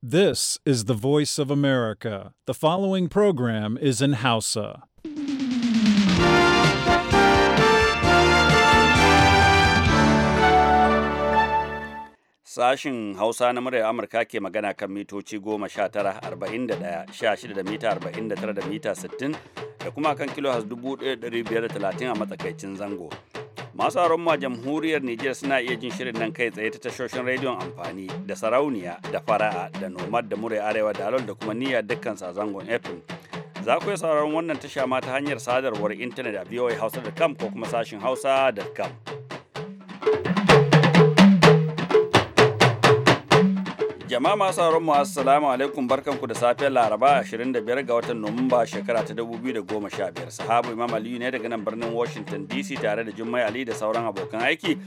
This is the voice of America. The following program is in Hausa. Sashin Hausa na muryar Amurka ke magana kan mitoci goma sha tara arba'in da ɗaya sha shida da mita arba'in da tara da mita sittin da kuma kan kilo has dubu ɗaya da biyar da talatin a matsakaicin zango. masu aron ma jamhuriyar Nijar suna iya jin shirin nan kai tsaye ta tashoshin rediyon amfani da sarauniya da fara'a da nomad da murai arewa da alon da kuma niyyar dukkan zangon FM. Za ku iya sauraron wannan tasha ma ta hanyar sadarwar intanet a voahausa.com ko kuma sashin hausa.com. Jama'a masu sauran mu assalamu alaikum barkanku da safiyar Laraba 25 ga watan Nuwamba shekara ta 2015. Sahabu Imam Aliyu ne daga nan birnin Washington DC tare da Jummai Ali da sauran abokan aiki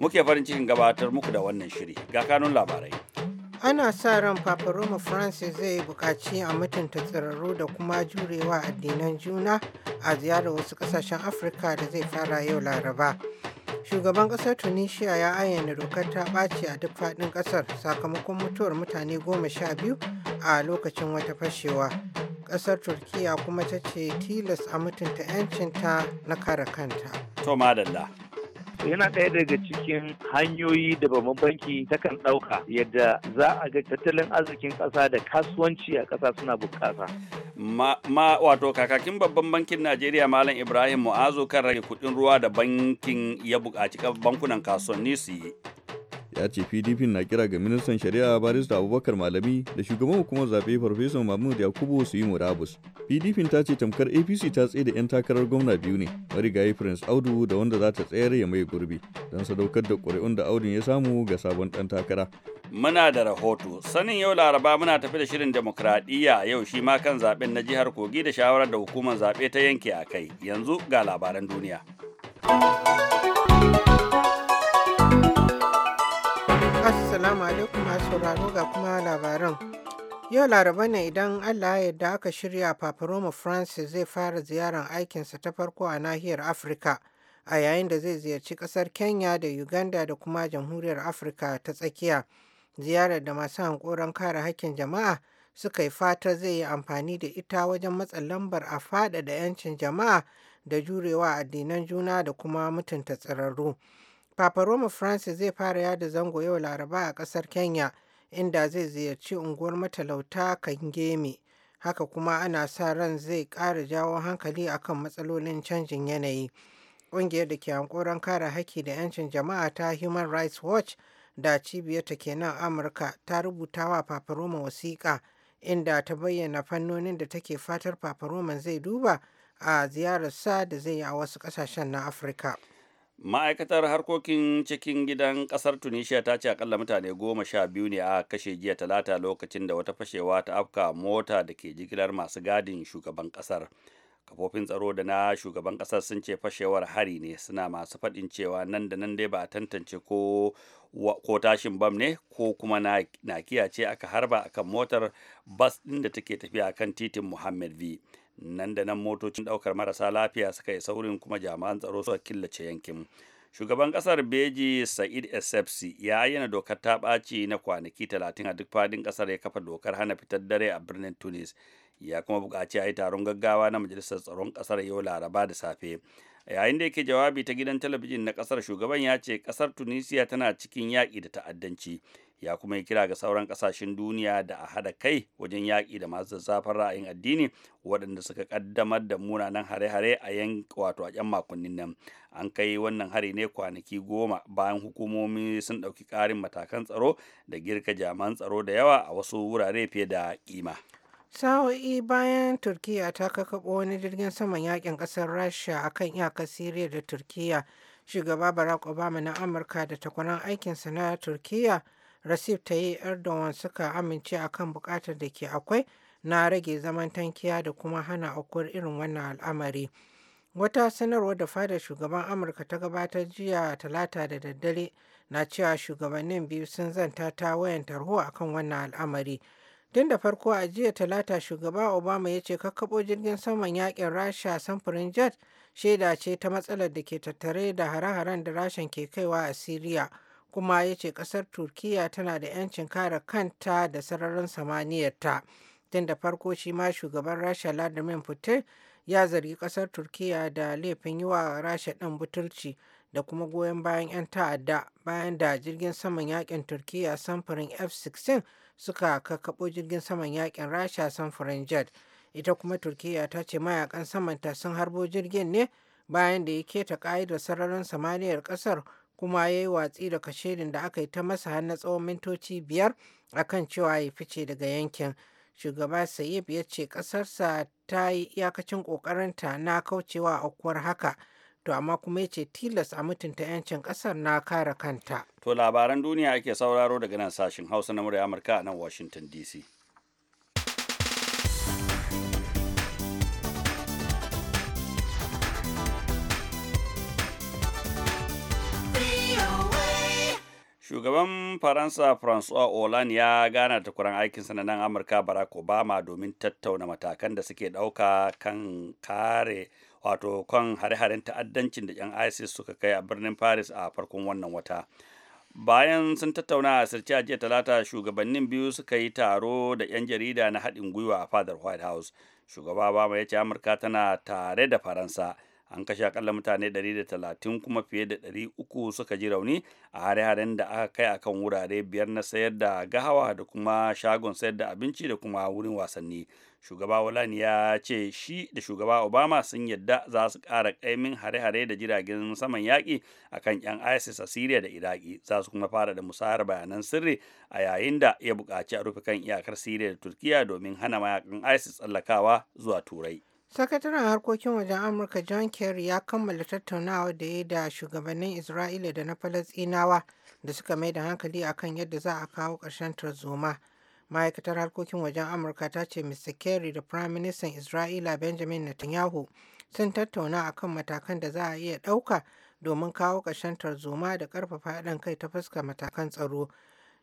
muke farin cikin gabatar muku da wannan shiri. Ga kanun labarai. Ana sa ran Papa Roma Francis zai bukaci a mutunta tsararru da kuma jurewa addinan juna a ziyarar wasu kasashen Afirka da zai fara yau Laraba. shugaban ƙasar tunisia ya ayyana dokar ta ɓaci a duk faɗin ƙasar sakamakon mutuwar mutane goma sha biyu a lokacin wata fashewa ƙasar turkiya kuma ta ce tilas a mutunta 'yancinta na kare kanta to madalla yana ɗaya daga cikin hanyoyi da babban banki kan ɗauka yadda za a ga tattalin arzikin ƙasa da kasuwanci a ƙasa suna bunƙasa. ma wato kakakin babban bankin Najeriya Malam Ibrahim Mu'azu kan rage kuɗin ruwa da bankin ya buƙaci bankunan kasuwanni su yi. ya ce pdp na kira ga ministan shari'a barista abubakar malami da shugaban hukumar zaɓe farfesa mahmud yakubu su yi murabus pdp ta ce tamkar apc ta tsaye da 'yan takarar gwamna biyu ne marigayi prince audu da wanda za ta tsayar ya mai gurbi don sadaukar da ƙuri'un da audun ya samu ga sabon ɗan takara muna da rahoto sanin yau laraba muna tafi da shirin demokradiyya yau shi ma kan zaɓen na jihar kogi da shawarar da hukumar zaɓe ta yanke a kai yanzu ga labaran duniya Assalamu alaikum sauraro ga kuma labaran. Yau laraba ne idan Allah ya yarda aka shirya Paparoma Francis zai fara ziyarar aikinsa ta farko a nahiyar Afirka a yayin da zai ziyarci kasar Kenya da Uganda da kuma Jamhuriyar Afirka ta tsakiya. Ziyarar da masu hankoron kare hakkin jama'a suka yi fata zai yi amfani da ita wajen matsa lambar a faɗaɗa 'yancin jama'a da jurewa addinan juna da kuma mutunta tsirarru. Papa Roma Francis zai fara yada zango yau Laraba a ƙasar Kenya, inda zai ziyarci unguwar matalauta Kangemi. Haka kuma ana sa ran zai ƙara jawo hankali akan matsalolin canjin yanayi. Ƙungiyar da ke hankoron kare haƙƙi da 'yancin jama'a ta Human Rights Watch da cibiyarta ke nan Amurka ta rubuta wa Papa Roma wasiƙa inda ta bayyana fannonin da take fatar Papa Roma zai duba a ziyararsa da zai yi a wasu ƙasashen na Afirka. ma'aikatar harkokin cikin gidan kasar tunisia ta ce akalla mutane goma sha biyu ne a kashe jiya talata lokacin da wata fashewa ta afka mota da ke jigilar masu gadin shugaban kasar kafofin tsaro da na shugaban kasar sun ce fashewar hari ne suna masu faɗin cewa nan da nan dai ba a tantance ko ko tashin bam ne ko kuma na kiyace aka harba akan motar bas ɗin da take tafiya kan titin muhammad v nan da nan motocin ɗaukar marasa lafiya suka yi saurin kuma jami'an tsaro suka killace yankin shugaban kasar beji sa'id esepsi ya ayyana dokar ta ɓaci na kwanaki talatin a duk fadin ƙasar ya kafa dokar hana fitar dare a birnin tunis ya kuma buƙaci a yi taron gaggawa na majalisar tsaron ƙasar yau laraba da safe yayin da yake jawabi ta gidan talabijin na kasar shugaban ya ce kasar tunisia tana cikin yaƙi da ta'addanci ya kuma yi kira ga sauran kasashen duniya da a hada kai wajen yaƙi da masu zafin ra'ayin addini waɗanda suka ƙaddamar da munanan hare-hare a yan wato a ƴan makonnin nan an kai wannan hari ne kwanaki goma bayan hukumomi sun ɗauki ƙarin matakan tsaro da girka jaman tsaro da yawa a wasu wurare fiye da kima. sa'o'i bayan turkiya ta kakaɓo wani jirgin saman yakin ƙasar rasha akan iyakar siriya da turkiya shugaba barack obama na amurka da takwaran aikinsa na turkiya Recep Tayyip Erdogan suka amince akan bukatar da ke akwai na rage zaman tankiya da kuma hana aukuwar irin wannan al'amari. Wata sanarwar da fadar shugaban Amurka ta gabatar jiya talata da daddare na cewa shugabannin biyu sun zanta ta wayan tarho akan wannan al'amari. Tun da farko a jiya talata shugaba Obama ya ce kakkaɓo jirgin saman yakin Rasha samfurin jet shaida ce ta matsalar da ke tattare da hare-haren da Rashan ke kaiwa a Siriya. kuma ya ce ƙasar turkiya tana da 'yancin kare kanta da sararin samaniyarta tun da farko shi ma shugaban rasha vladimir putin ya zargi ƙasar turkiya da laifin yi wa rasha ɗin butulci da kuma goyon bayan 'yan ta'adda bayan da jirgin saman yakin turkiya samfurin f-16 suka kakkaɓo jirgin saman yakin rasha samfurin jet ita kuma turkiya ta ce mayakan samanta sun harbo jirgin ne bayan da ya keta ƙa'idar sararin samaniyar ƙasar kuma ya yi watsi da kashirin da aka yi ta masa har tsawon mintoci biyar a kan cewa ya fice daga yankin shugaba sayib ya ce ƙasarsa ta yi iyakacin ƙoƙarinta na kaucewa aukuwar haka to amma kuma ya ce tilas a mutunta 'yancin ƙasar na kare kanta to labaran duniya ake sauraro daga nan sashin hausa na murya amurka nan washington dc shugaban faransa francois hollande ya gana da kuran aikinsa na nan amurka barack obama domin tattauna matakan da suke dauka kan kare wato kan hare-haren ta'addancin da 'yan isis suka kai a birnin paris a farkon wannan wata bayan sun tattauna a sirce a jiya talata shugabannin biyu suka yi taro da 'yan jarida na haɗin gwiwa a fadar white house shugaba obama ya ce amurka tana tare da faransa an kashe akalla mutane 130 kuma fiye da 300 suka ji rauni a hare-haren da aka kai akan wurare biyar na sayar da gahawa da kuma shagon sayar da abinci da kuma wurin wasanni shugaba Walani ya ce shi da shugaba Obama sun yadda za su kara kaimin hare-hare da jiragen saman yaƙi a kan 'yan ISIS a syria da Iraki za su kuma fara da musayar bayanan sirri a yayin da ya buƙaci a rufe kan iyakar syria da Turkiya domin hana mayakan ISIS tsallakawa zuwa Turai. Sakataren Harkokin Wajen Amurka John Kerry ya kammala tattaunawa da ya da shugabannin Isra'ila da na Falasɗinawa da suka mai da hankali akan yadda za a kawo ƙarshen tarzoma. Ma'aikatar Harkokin Wajen Amurka ta ce Mr. Kerry da Prime Minister Isra'ila Benjamin Netanyahu sun tattauna akan matakan da za a iya ɗauka domin kawo ƙarshen tarzoma da ƙarfafa haɗin kai ta fuska matakan tsaro.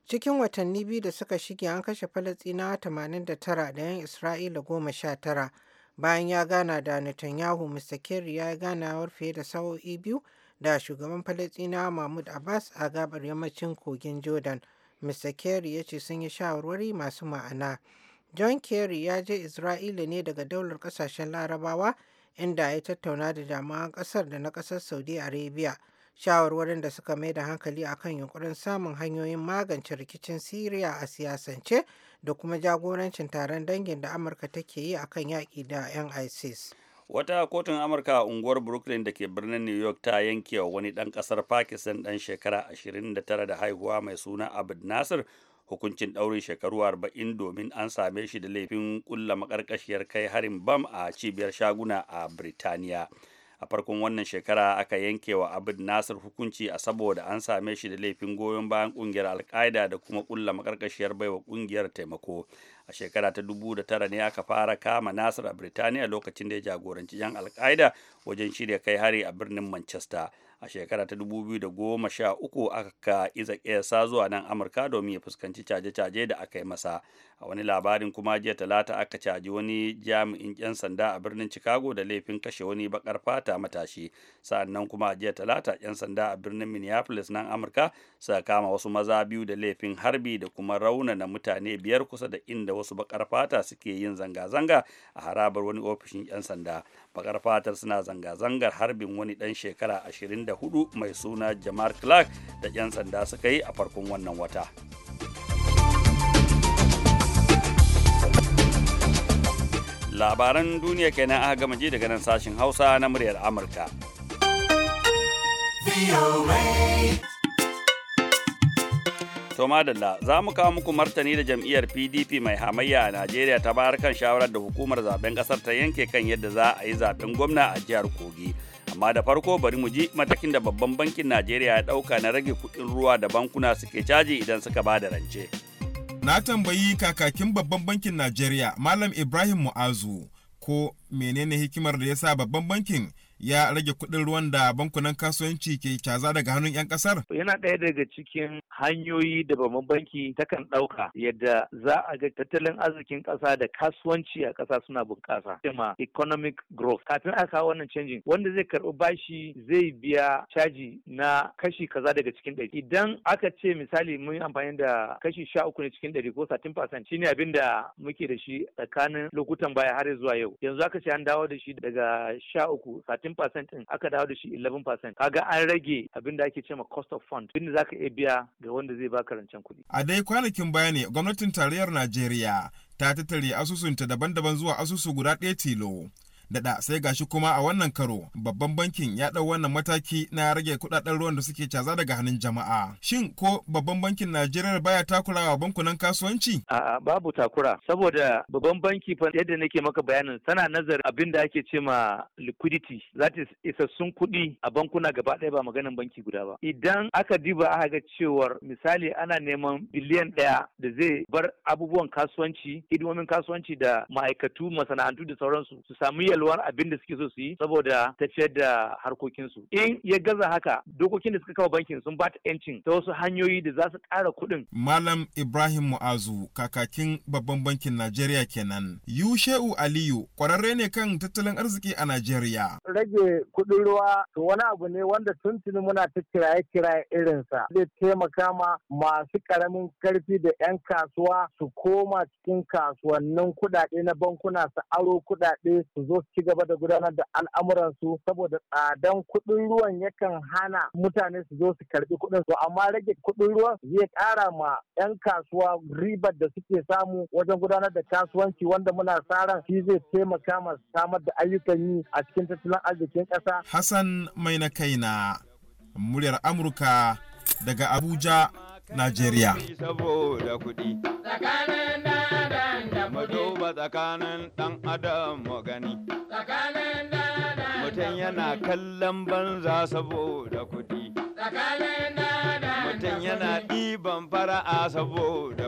Cikin watanni biyu da suka shige an kashe Falasɗinawa 89 da 'yan Isra'ila 19. bayan ya gana da netanyahu mr kerry ya yi ganawar fiye da sa'o'i biyu da shugaban falastina mahmud abbas a gabar yammacin kogin jordan mr kerry ya ce sun yi shawarwari masu ma'ana john kerry ya je isra'ila ne daga daular kasashen larabawa inda ya tattauna da jami'an kasar da na kasar saudi arabia shawarwarin da suka mai da hankali akan yunkurin samun hanyoyin magance rikicin siriya a siyasance da kuma jagorancin taron dangin da amurka take yi akan yaƙi da 'yan isis wata kotun amurka a unguwar brooklyn da ke birnin new york ta yanke wa wani ɗan ƙasar pakistan ɗan shekara 29 da haihuwa mai suna abd nasir hukuncin ɗaurin shekaru 40 domin an same shi da laifin ƙulla maƙarƙashiyar kai harin bam a cibiyar shaguna a birtaniya. a farkon wannan shekara aka yanke wa abin nasir hukunci a saboda an same shi da laifin goyon bayan kungiyar alkaida da kuma kulla makarkashiyar baiwa kungiyar taimako a shekara ta dubu da tara ne aka fara kama nasir a birtaniya lokacin da ya jagoranci yan alkaida wajen shirya kai hari a birnin manchester a shekara ta 2013 aka iza zuwa nan amurka domin ya fuskanci caje-caje da aka yi masa a wani labarin kuma jiya talata aka caji wani jami'in 'yan sanda a birnin chicago da laifin kashe wani bakar fata matashi sa'annan kuma jiya talata 'yan sanda a birnin minneapolis nan amurka suka kama wasu maza biyu da laifin harbi da kuma raunana mutane biyar kusa da inda wasu bakar fata suke yin zanga-zanga a harabar wani ofishin 'yan sanda bakar fatar suna zanga-zangar harbin wani dan shekara ashirin 84 mai suna jamar clark da 'yan sanda suka yi a farkon wannan wata labaran duniya kenan aka gama ji daga nan sashen hausa na muryar amurka To madalla za mu kawo muku martani da jam'iyyar PDP mai hamayya a Najeriya ta bayar kan shawarar da hukumar zaben kasar ta yanke kan yadda za a yi zaben gwamna a jihar Kogi. amma da farko bari mu ji matakin da babban bankin najeriya ya ɗauka na rage kuɗin ruwa da bankuna suke caji idan suka ba da rance na tambayi kakakin babban bankin najeriya malam ibrahim mu'azu ko menene hikimar da ya sa babban bankin ya rage kuɗin ruwan da bankunan kasuwanci ke caza daga hannun 'yan ƙasar? Yana ɗaya daga cikin hanyoyi da babban banki takan ɗauka yadda za a ga tattalin arzikin ƙasa da kasuwanci a ƙasa suna bunƙasa. Tema economic growth. Kafin a kawo wannan canjin wanda zai karɓi bashi zai biya caji na kashi kaza daga cikin ɗari. Idan aka ce misali mun yi amfani da kashi sha uku ne cikin ɗari ko satin percent shine abin da muke da shi tsakanin lokutan baya har zuwa yau. Yanzu aka ce an dawo da shi daga sha uku satin 15% din aka dawo da shi 11% kaga an rage abin da ake cewa cost of fund inda zaka iya biya ga wanda zai baka rancen kuɗi a dai kwanakin baya ne gwamnatin tarayyar Najeriya ta tattare asusunta daban-daban zuwa asusu guda ɗaya tilo Daɗa sai gashi kuma a wannan karo babban bankin ya ɗau wannan mataki na rage kuɗaɗen ruwan da suke caza daga hannun jama'a. Shin ko babban bankin Najeriya baya takurawa bankunan kasuwanci? A'a babu takura saboda babban banki fa yadda nake maka bayanin tana nazarin abin da ake ce ma liquidity that is isassun kuɗi a bankuna gaba ɗaya ba maganin banki guda ba. Idan aka diba aka ga cewar misali ana neman biliyan ɗaya da zai bar abubuwan kasuwanci hidimomin kasuwanci da ma'aikatu masana'antu da sauransu su samu yalwar abin da suke so su yi saboda ta tafiyar da harkokinsu in ya gaza haka dokokin da suka kawo bankin sun bata yancin ta wasu hanyoyi da za su ƙara kuɗin. malam ibrahim mu'azu kakakin babban bankin najeriya kenan yushe'u aliyu ƙwararre ne kan tattalin arziki a najeriya rage kuɗin ruwa to wani abu ne wanda tuntuni muna ta kiraye kiraye irinsa zai taimaka ma masu ƙaramin ƙarfi da 'yan kasuwa su koma cikin kasuwannin kuɗaɗe na bankuna su aro kuɗaɗe su zo ci gaba da gudanar da al'amuransu saboda tsadan kuɗin ruwan yakan hana mutane su zo su karɓi kuɗin su amma rage kuɗin ruwan zai ƙara ma 'yan kasuwa ribar da suke samu wajen gudanar da kasuwanci wanda muna sa shi zai taimaka ma samar da ayyukan yi a cikin tattalin arzikin ƙasa. Hassan mai na kaina muryar Amurka daga Abuja, Najeriya. Mutum yana kallon banza saboda yana ɗiban fara'a saboda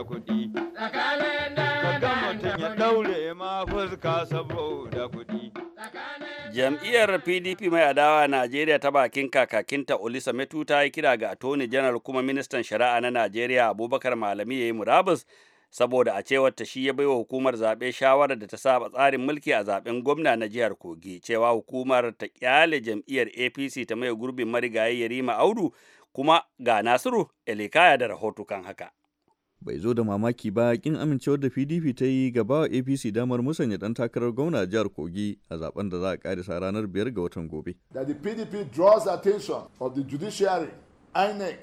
ya ɗaure ma fuska saboda kuɗi. Jam'iyyar PDP mai adawa a Najeriya ta bakin kakakinta Olisa Metu ta yi kira ga Attorney General kuma Ministan Shari'a na Najeriya Abubakar Malami ya yi murabus saboda a cewar ta shi ya baiwa hukumar zaɓe shawarar da ta saba tsarin mulki a zaɓen gwamna na jihar Kogi cewa hukumar ta kyale jam'iyyar APC ta maye gurbin marigayi Yarima Audu kuma ga Nasiru Elikaya da rahoto kan haka. bai zo da mamaki ba kin amincewar da pdp ta yi gaba wa apc damar musanya dan takarar gwamna jihar kogi a zaben da za a karisa ranar biyar ga watan gobe that the pdp draws attention of the judiciary inec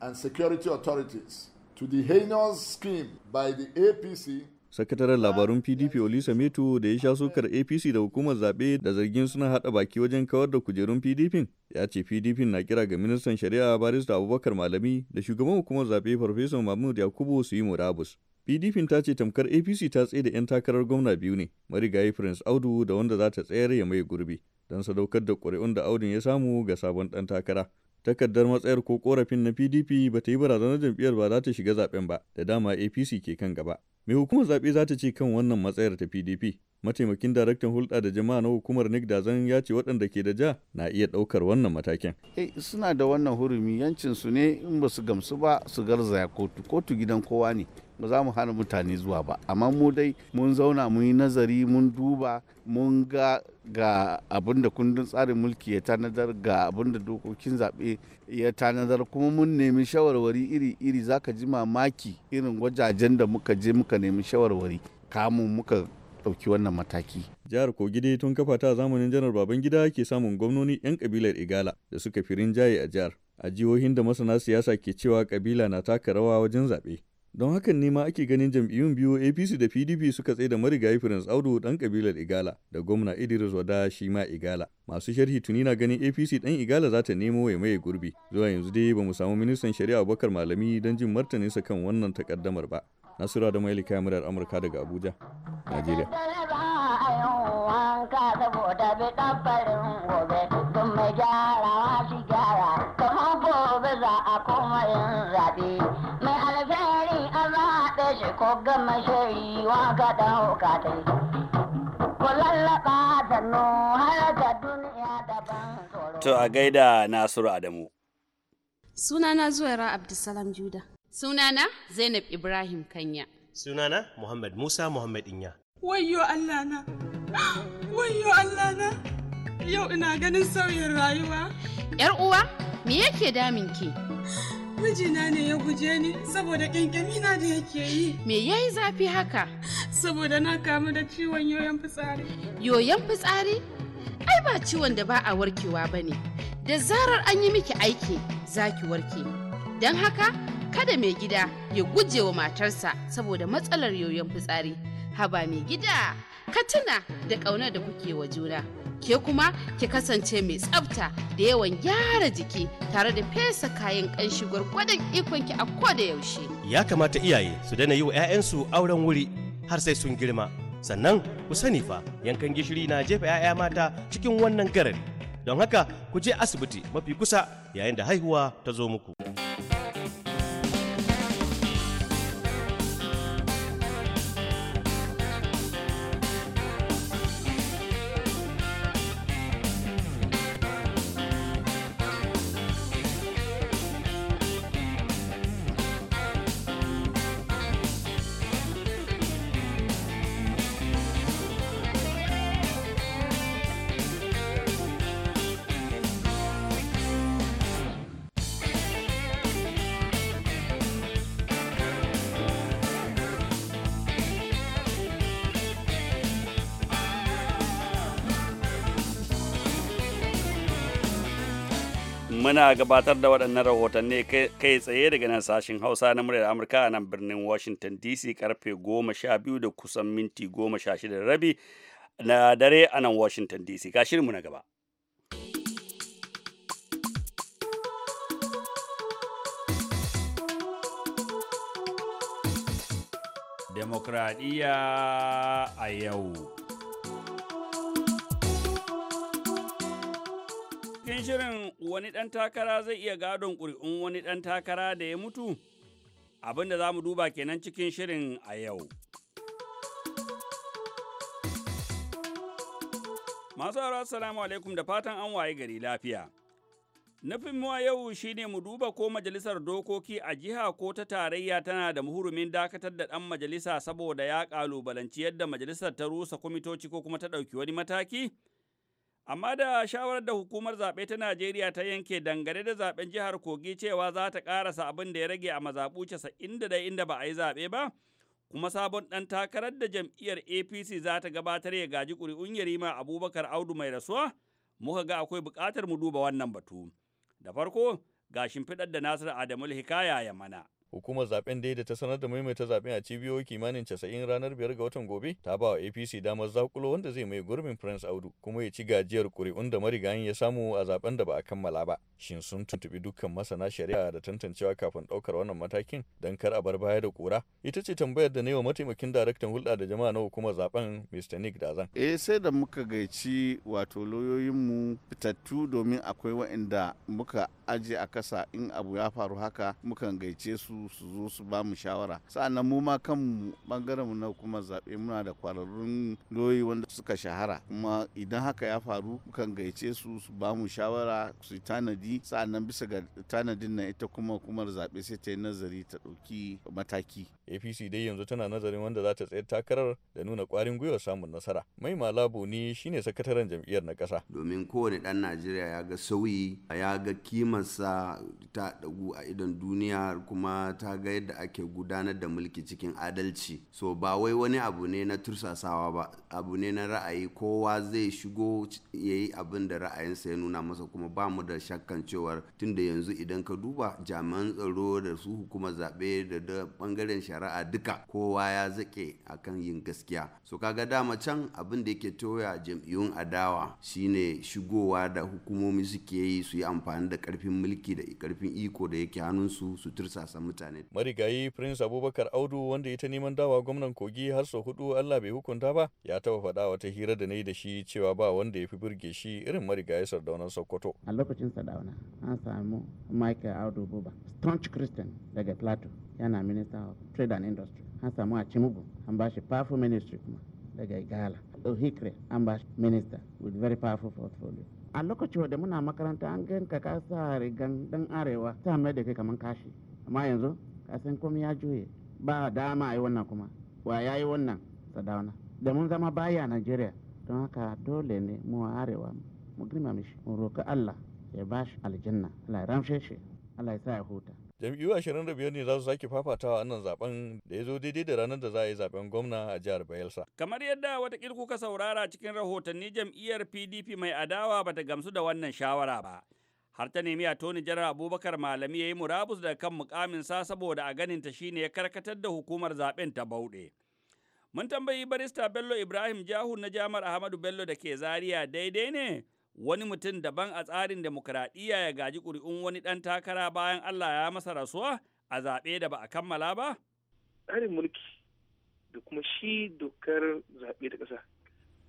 and security authorities to the heinous scheme by the apc sakataren labarun pdp olisa metu da ya sha Sokar apc da hukumar zaɓe da zargin suna haɗa baki wajen kawar da kujerun pdp ya ce pdp na kira ga ministan shari'a barista abubakar malami da shugaban hukumar zaɓe farfesa mahmud yakubu su yi murabus pdp ta ce tamkar apc ta tsaye da 'yan takarar gwamna biyu ne marigayi prince audu da wanda za ta tsayar ya mai gurbi don sadaukar da ƙuri'un da Audu ya samu ga sabon ɗan takara takardar matsayar ko korafin na pdp ba ta yi barazanar jam'iyyar ba za ta shiga zaben ba da dama apc ke kan gaba Mai hukumar zaɓe za ta ce kan wannan matsayar ta PDP? mataimakin daraktan hulɗa da jama'a na hukumar nick dazan ya ce waɗanda ke da ja na iya ɗaukar wannan matakin eh, suna da wannan hurumi yancin su ne in ba su gamsu ba su garzaya kotu kotu gidan kowa ne ba za mu hana mutane zuwa ba amma mu dai mun zauna mun yi nazari mun duba mun ga ga abin da kundin tsarin mulki ya tanadar ga abin da dokokin zaɓe ya tanadar kuma mun nemi shawarwari iri-iri zaka ji mamaki irin wajajen da muka je muka nemi shawarwari kamun muka ɗauki wannan mataki. Jihar Kogi dai tun kafa ta zamanin janar Babangida ke samun gwamnoni 'yan kabilar Igala da suka fi rinjaye a jihar. A jihohin da masana siyasa ke cewa kabila na taka rawa wajen zaɓe. Don hakan ne ma ake ganin jam'iyyun biyu APC da PDP suka tsaye da marigayi Prince Audu ɗan kabilar Igala da gwamna Idris Wada shi ma Igala. Masu sharhi tuni na ganin APC ɗan Igala za ta nemo ya maye gurbi. Zuwa yanzu dai ba mu samu ministan shari'a Bakar Malami don jin martaninsa kan wannan takaddamar ba. Nasiru da Maili kayan murar Amurka daga Abuja, Najeriya. Mai an shi ko Ku har To a gaida Nasiru Adamu. Sunana Zuwaira Abdulsalam Juda. Sunana Zainab Ibrahim Kanya. Sunana Muhammad Musa Muhammad Inya. Wayyo Allah na! Wayo Allah na! Yau ina ganin sauyin rayuwa. ‘Yar uwa, me yake ke? Mijina ne ya guje ni saboda na da yake yi. Me ya yi zafi haka? Saboda na kamu da ciwon yoyon fitsari. Yoyon fitsari? Ai ba ciwon da ba a warkewa ba ne. Da zarar an yi miki aiki, za ki warke. Don haka, kada mai gida ya guje wa matarsa saboda matsalar yoyon fitsari haba mai gida ka tuna da ƙaunar da kuke wa juna ke kuma ki kasance mai tsafta da yawan gyara jiki tare da fesa kayan ƙanshi gwargwadon ikonki a da yaushe ya kamata iyaye su dana yi wa 'ya'yansu auren wuri har sai sun girma sannan ku sani fa yankan gishiri na jefa 'ya'ya mata cikin wannan garari don haka ku je asibiti mafi kusa yayin da haihuwa ta zo muku. muna gabatar da waɗannan rahotanni kai tsaye daga nan sashen hausa na muryar amurka a nan birnin washington dc karfe 12. da kusan minti 16 rabi na dare a nan washington dc ga shirinmu na gaba demokradiyya a yau cikin shirin wani ɗan takara zai iya gadon ƙuri'un wani ɗan takara da ya mutu? Abin da za mu duba kenan cikin shirin a yau. Masu aure assalamu alaikum da fatan an waye gari lafiya. Nufin mu a yau shine mu duba ko majalisar dokoki a jiha ko ta tarayya tana da muhurumin dakatar da ɗan majalisa saboda ya ƙalubalanci yadda majalisar ta rusa kwamitoci ko kuma ta ɗauki wani mataki? Amma da shawarar da hukumar zaɓe ta Najeriya ta yanke dangane da zaɓen jihar Kogi cewa za ta ƙarasa abin da ya rage a mazaɓu casa'in da inda ba a yi zaɓe ba, kuma sabon ɗan takarar da jam'iyyar APC za ta gabatar ya gaji ƙuri'un Yarima Abubakar Audu mai rasuwa, muka ga akwai buƙatar mu duba wannan batu. Da farko, ga shimfiɗar da nasiru Adamu Hikaya ya mana. Hukumar zaben dai da ta sanar da maimaita zaben a cibiyoyi kimanin casa'in ranar biyar ga watan gobe ta ba wa APC damar zakulo wanda zai mai gurbin Prince Audu kuma ya ci gajiyar kuri'un da marigayin ya samu a zaben da ba a kammala ba. Shin sun tuntubi dukkan masana shari'a da tantancewa kafin ɗaukar wannan matakin dan kar a bar baya da kura? Ita ce tambayar da na wa mataimakin daraktan hulɗa da jama'a na hukumar zaben Mr. Nick Dazan. Eh sai da muka gaici wato lauyoyinmu fitattu domin akwai waɗanda muka aje a kasa in abu ya faru haka mukan gaice su su zo su ba mu shawara sa'annan mu ma kanmu bangaren mu na kuma zaɓe muna da kwararrun doyi wanda suka shahara kuma idan haka ya faru kan gaice su su ba mu shawara su tanadi sa'annan bisa ga tanadin na ita kuma kumar zaɓe sai ta yi nazari ta ɗauki mataki apc dai yanzu tana nazarin wanda za ta tsayar takarar da nuna kwarin gwiwar samun nasara mai malabo ne shine sakataren jam'iyyar na kasa. domin kowane ɗan najeriya ya ga sauyi ya ga kimarsa ta ɗagu a idan duniya kuma ta ga yadda ake gudanar da mulki cikin adalci so ba wai wani abu ne na tursasawa ba abu ne na ra'ayi kowa zai shigo ya yi abin da ra'ayinsa ya nuna masa kuma ba mu da shakkan cewar tunda yanzu idan ka duba jami'an tsaro da su hukuma zaɓe da da ɓangaren shari'a duka kowa ya zaƙe kan yin gaskiya so kaga dama can abin da yake toya jam'iyyun adawa shine shigowa da hukumomi suke yi su yi amfani da ƙarfin mulki da ƙarfin iko da yake su su tursasa mutane Marigayi Prince Abubakar Audu wanda ya ta neman dawa gwamnan Kogi har sau hudu Allah bai hukunta ba ya taba faɗa wata hira da na yi da shi cewa ba wanda ya fi burge shi irin marigayi Sardaunan Sokoto. A lokacin Sardauna an samu Michael Audu Buba, staunch Christian daga Plateau yana Minister of Trade and Industry. An samu a Chimugu an ba shi powerful ministry kuma daga Igala. Ohikre an ba minister with very powerful portfolio. a lokacin da muna makaranta an ganka ka sa rigan dan arewa ta mai da kai kamar kashi amma yanzu ka san komai ya juye ba dama a yi wannan kuma wa ya yi wannan sadauna da mun zama baya nigeria don haka dole ne mu arewa mu girmama shi mu roƙi allah ya ba aljanna allah ya ramshe shi allah ya sa ya huta jam'iyyu 25 ne za su sake fafatawa wannan zaben da ya zo daidai da ranar da za a yi zaben gwamna a jihar bayelsa kamar yadda watakil kuka saurara cikin rahotanni jam'iyyar pdp mai adawa bata gamsu da wannan shawara ba har ta nemi a toni janar abubakar malami ya yi murabus daga kan mukaminsa saboda a ganinta shine ya karkatar da hukumar zaben ta bauɗe mun tambayi barista bello ibrahim jahu na jamar ahmadu bello da ke zaria daidai ne wani mutum daban a tsarin demokuraɗiyya ya gaji ƙuri'un wani ɗan takara bayan allah ya masa rasuwa a zaɓe da ba a kammala ba tsarin mulki da kuma shi dokar zaɓe da ƙasa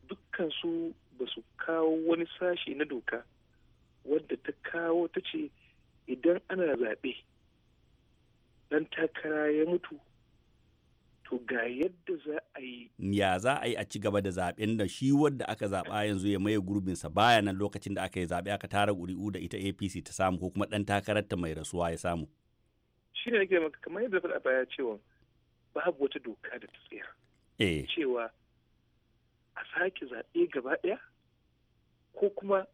dukkan su ba su kawo wani sashi na doka ta ce idan ana zaɓe ɗan takara ya mutu to ga yadda za a yi ya za a yi a ci gaba da zaɓen da shi wadda aka zaɓa yanzu ya maye gurbinsa baya nan lokacin da aka yi zaɓe aka tara ƙuri'u da ita apc ta samu ko kuma ɗan takarar ta mai rasuwa ya samu shi ne nake maka kamar yadda faɗa baya cewa babu wata doka da ta tsaya eh. cewa a sake zaɓe gaba ɗaya ko kuma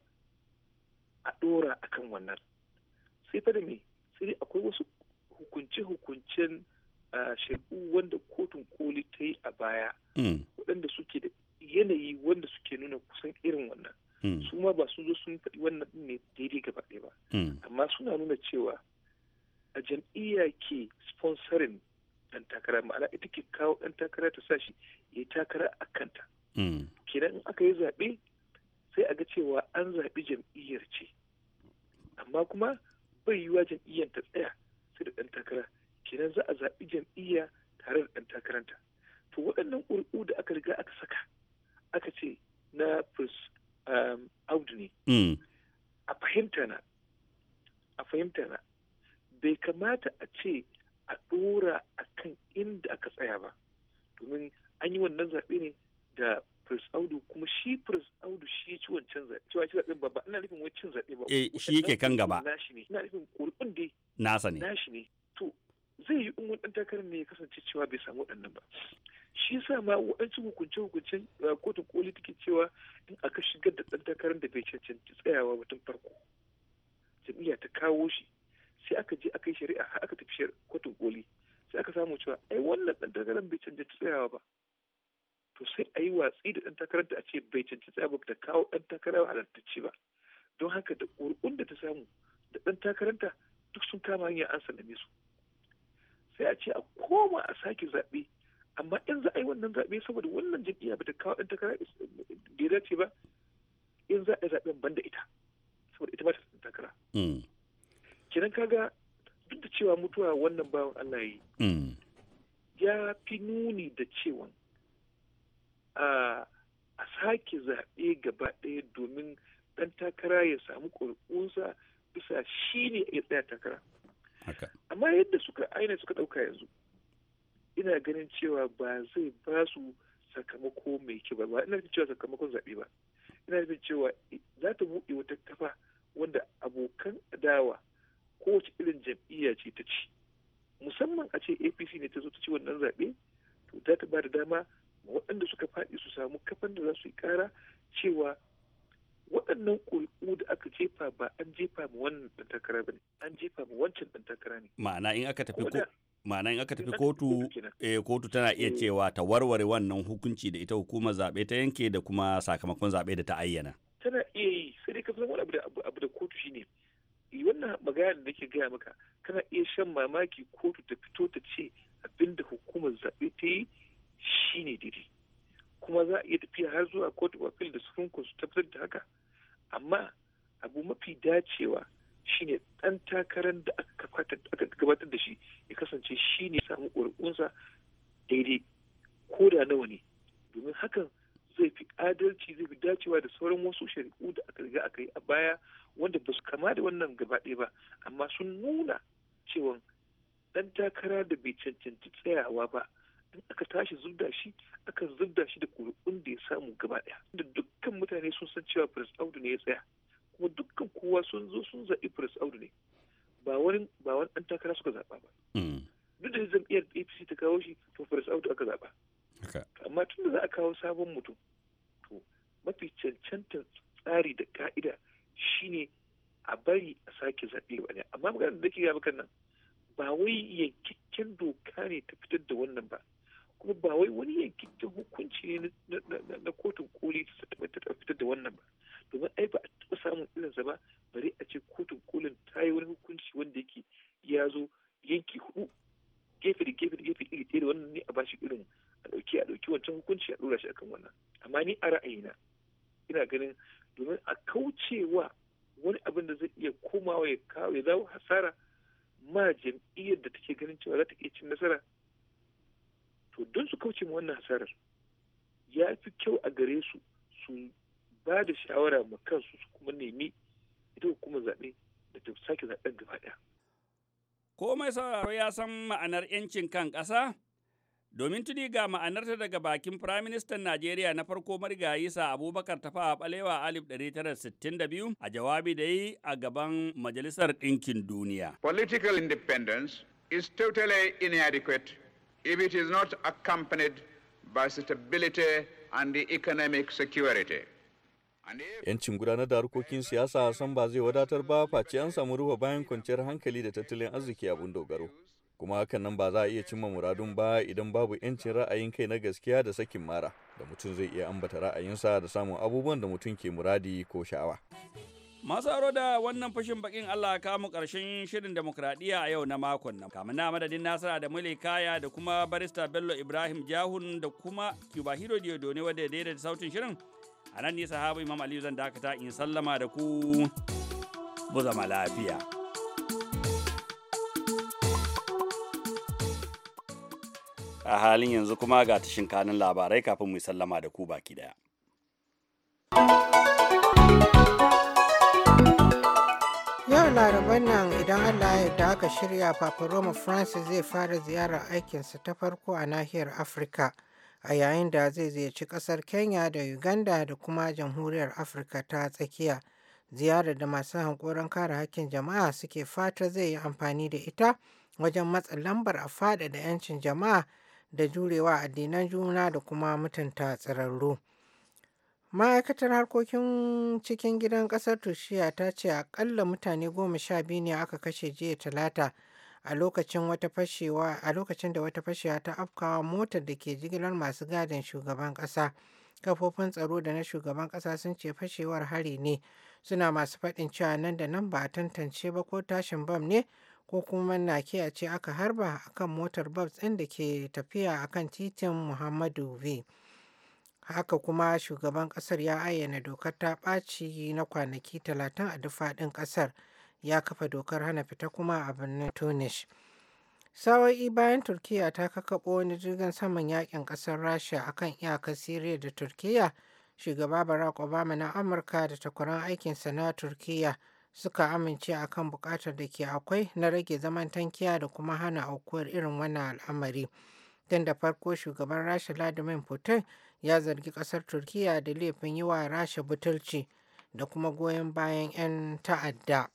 a ɗora a kan wannan sai fa da me sai akwai wasu hukunce-hukuncen shari'u wanda kotun koli ta yi a baya hmm. waɗanda suke da yanayi wanda suke nuna kusan irin wannan hmm. su ma ba sun zo sun faɗi wannan ne daidai gaba ɗaya ba hmm. amma suna nuna cewa a jam'iyya ke sponsorin ɗan takara ma'ana ita ke kawo ɗan takara ta sa shi ya takara a kanta kenan in aka yi zaɓe sai a ga cewa an zaɓi jam'iyyar ce amma kuma bai yiwa jam'iyyar ta tsaya sai da ɗan takara kenan za a zaɓi jam'iyya tare da ɗan takaranta to waɗannan ƙuri'u da aka riga aka saka aka ce na pris um, audu ne mm. a fahimta na a fahimta na bai kamata a ce a ɗora a kan inda aka tsaya ba domin an yi wannan zaɓe ne da Prince Audu kuma shi Prince Audu shi ya ci wancan zaɓe. Cewa ci ba babba ina nufin wani cin zaɓe ba. Eh shi yake kan gaba. Nashi ne ina nufin kurkun dai. Nasa ne. Nashi ne. To zai yi in wani ɗan takarar ne ya kasance cewa bai samu waɗannan ba. shi sa ma waɗansu hukunce-hukuncen uh, kotun koli take cewa in aka shigar da ɗan takarar da bai cancanci tsayawa tun farko jam'iyya ta kawo shi sai aka je aka yi shari'a aka tafi kotun koli sai aka samu cewa ai wannan ɗan takarar bai cancanci tsayawa ba to sai a yi watsi da ɗan takarar da a ce bai cancanci abu da kawo ɗan takarar lantarki ba don haka da ƙuri'un da ta samu da ɗan takararta duk sun kama hanyar an sallame su sai a ce a koma a sake zaɓe amma in za a yi wannan zaɓe saboda wannan jam'iyya ba ta kawo ɗan takara da ya dace ba in za a yi zaɓen ban da ita saboda ita ba ta ɗan takara. Mm. Kiran kaga duk da cewa mutuwa wannan bawan Allah yi. Mm. Ya fi nuni da cewa a sake zaɓe gaba ɗaya domin ɗan takara ya samu ƙuri'unsa bisa shi ne ya tsaya takara amma yadda suka aina suka ɗauka yanzu ina ganin cewa ba zai ba su sakamako mai kyau ba ina ganin cewa sakamakon zaɓe ba ina ganin cewa za ta buɗe wata kafa wanda abokan adawa kowace irin jam'iyya ce ta ci musamman a ce apc ne ta zo ta ci wannan zaɓe to za ta ba da dama waɗanda suka faɗi su samu kafan da za su yi ƙara cewa waɗannan ƙulƙu da aka jefa ba an jefa mu wannan ɗan takara ba ne an jefa mu wancan ɗan takara ne ma'ana in aka tafi ko ma'ana in aka tafi kotu eh, kotu tana iya eh. cewa ta warware wannan hukunci da ita hukumar zaɓe ta yanke da kuma sakamakon zaɓe da ta ayyana tana iya yi sai dai kafin wani abu da kotu shine wannan magana da nake gaya maka kana iya shan mamaki kotu ta fito ta ce abinda hukumar zaɓe ta yi shine daidai kuma za a iya tafiya har zuwa court of appeal da supreme court su tabbatar da haka amma abu mafi dacewa shine dan takarar da aka gabatar da shi ya kasance shine samu ƙuri'unsa daidai ko da nawa ne domin hakan zai fi adalci zai fi dacewa da sauran wasu shari'u da aka riga aka yi a baya wanda ba su kama da wannan gaba ɗaya ba amma sun nuna cewa dan takara da bai cancanci tsayawa ba in aka tashi zubda shi aka zubda shi da kuri'un da ya samu gaba ɗaya da dukkan mutane sun san cewa prince audu ne ya tsaya kuma dukkan kowa sun zo sun zaɓi prince audu ne ba wani ba ɗan takara suka zaɓa ba hmm. duk da jam'iyyar apc ta kawo shi to prince audu aka zaɓa amma tun da za a kawo sabon mutum to mafi cancantar tsari da ka'ida shine a bari a sake zaɓe ba ne amma magana da ke gaba nan ba wai yankakken doka ne ta fitar da wannan ba kuma ba wai wani yankin hukunci ne na kotun koli ta fitar da wannan ba domin ai ba a taɓa samun irinsa ba bari a ce kotun kolin ta yi wani hukunci wanda yake ya zo yanki hudu gefe da gefe da gefe iri ɗaya da wannan ne a bashi irin a ɗauki a ɗauki wancan hukunci a ɗora shi akan wannan amma ni a ra'ayina ina ganin domin a kaucewa wani abin da zai iya komawa ya kawo ya zawo hasara ma jam'iyyar da take ganin cewa za ta iya cin nasara to don su kauce ma wannan hasarar ya fi kyau a gare su su ba da shawara ma kansu su kuma nemi ita hukumar zaɓe da ta sake zaɓen gaba ɗaya. Komai sauraro ya san ma'anar 'yancin kan ƙasa? Domin tuni ga ma'anarta daga bakin Firaministan Najeriya na farko marigayi sa Abubakar a Balewa alif 1962 a jawabi da yi a gaban Majalisar Ɗinkin Duniya. Political independence is totally inadequate if it is not accompanied by stability and the economic security. Yancin gudanar da harkokin siyasa san ba zai wadatar ba face an samu rufe bayan kwanciyar hankali da tattalin arziki abun dogaro. Kuma hakan nan ba za a iya cimma muradun ba idan babu yancin ra'ayin kai na gaskiya da sakin mara da mutum zai iya ambata ra'ayinsa da samun abubuwan da mutum ke muradi ko sha'awa. Masu aro da wannan fashin bakin Allah kamu karshen shirin demokradiyya a yau na makon nan. Kamun na madadin Nasara da Mule Kaya da kuma barista Bello Ibrahim Jahun da kuma Cuba Hiro Diodone wadda ya daidaita sautin shirin. A nan ne habu Imam Aliyu zan dakata in sallama da ku mu zama lafiya. A halin yanzu kuma ga tashin kanin labarai kafin mu sallama da ku baki daya. laraban nan idan allah ya da aka shirya papa roma francis zai fara ziyarar aikinsa ta farko a nahiyar afirka a yayin da zai ziyarci kasar kenya da uganda da kuma jamhuriyar afirka ta tsakiya ziyarar da masu hankoron kare hakkin jama'a suke fata zai yi amfani da ita wajen matsa lambar a faɗaɗa 'yancin jama'a da jurewa addinan juna da kuma mutunta tsirarru. Ma'aikatar harkokin cikin gidan kasar Turkiyya ta ce akalla mutane goma sha biyu ne aka kashe jiya Talata a lokacin wata fashewa a lokacin da wata fashewa ta afkawa motar da ke jigilar masu gadin shugaban kasa Kafofin tsaro da na shugaban kasa sun ce fashewar hari ne suna masu faɗin cewa nan da nan ba a tantance ba ko tashin bam ne ko kuma a ce aka harba akan motar babs ɗin da ke tafiya akan titin Muhammadu V. Haka kuma shugaban kasar ya ayyana dokar ta ɓaci na kwanaki talatin a duk faɗin kasar ya kafa dokar hana fita kuma a birnin Tunis. Sawa'i bayan Turkiyya ta kakaɓo wani jirgin saman yakin kasar Rasha akan iyakar Siriya da Turkiyya, shugaba Barack Obama na Amurka da takwaran aikinsa na Turkiyya suka amince akan buƙatar da ke akwai na rage zaman tankiya da kuma hana aukuwar irin wannan al'amari. Tun da farko shugaban Rasha Vladimir Putin ya zargi kasar turkiya da laifin yi wa Rasha butulci da kuma goyon bayan 'yan ta'adda.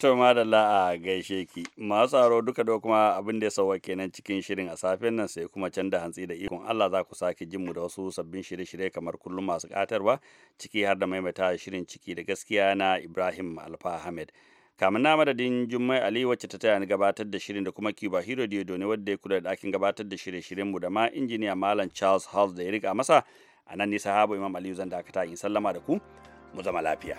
To madalla a gaishe ki masu tsaro duka da kuma abin da ya sauwa kenan cikin shirin a safen nan sai kuma canza da hantsi da ikon Allah za ku sake jin mu da wasu sabbin shirye-shirye kamar kullum masu katarwa ciki har da maimaita shirin ciki da gaskiya na Ibrahim Alfa Ahmed. kamun na madadin jummai ali wacce ta taya ni gabatar da shirin da kuma cuba hero da ne wadda ya kula da ɗakin gabatar da shirye-shiryen mu da ma injiniya malam charles house da ya rika masa a nan nisa habu imam aliyu zan dakata in sallama da ku mu zama lafiya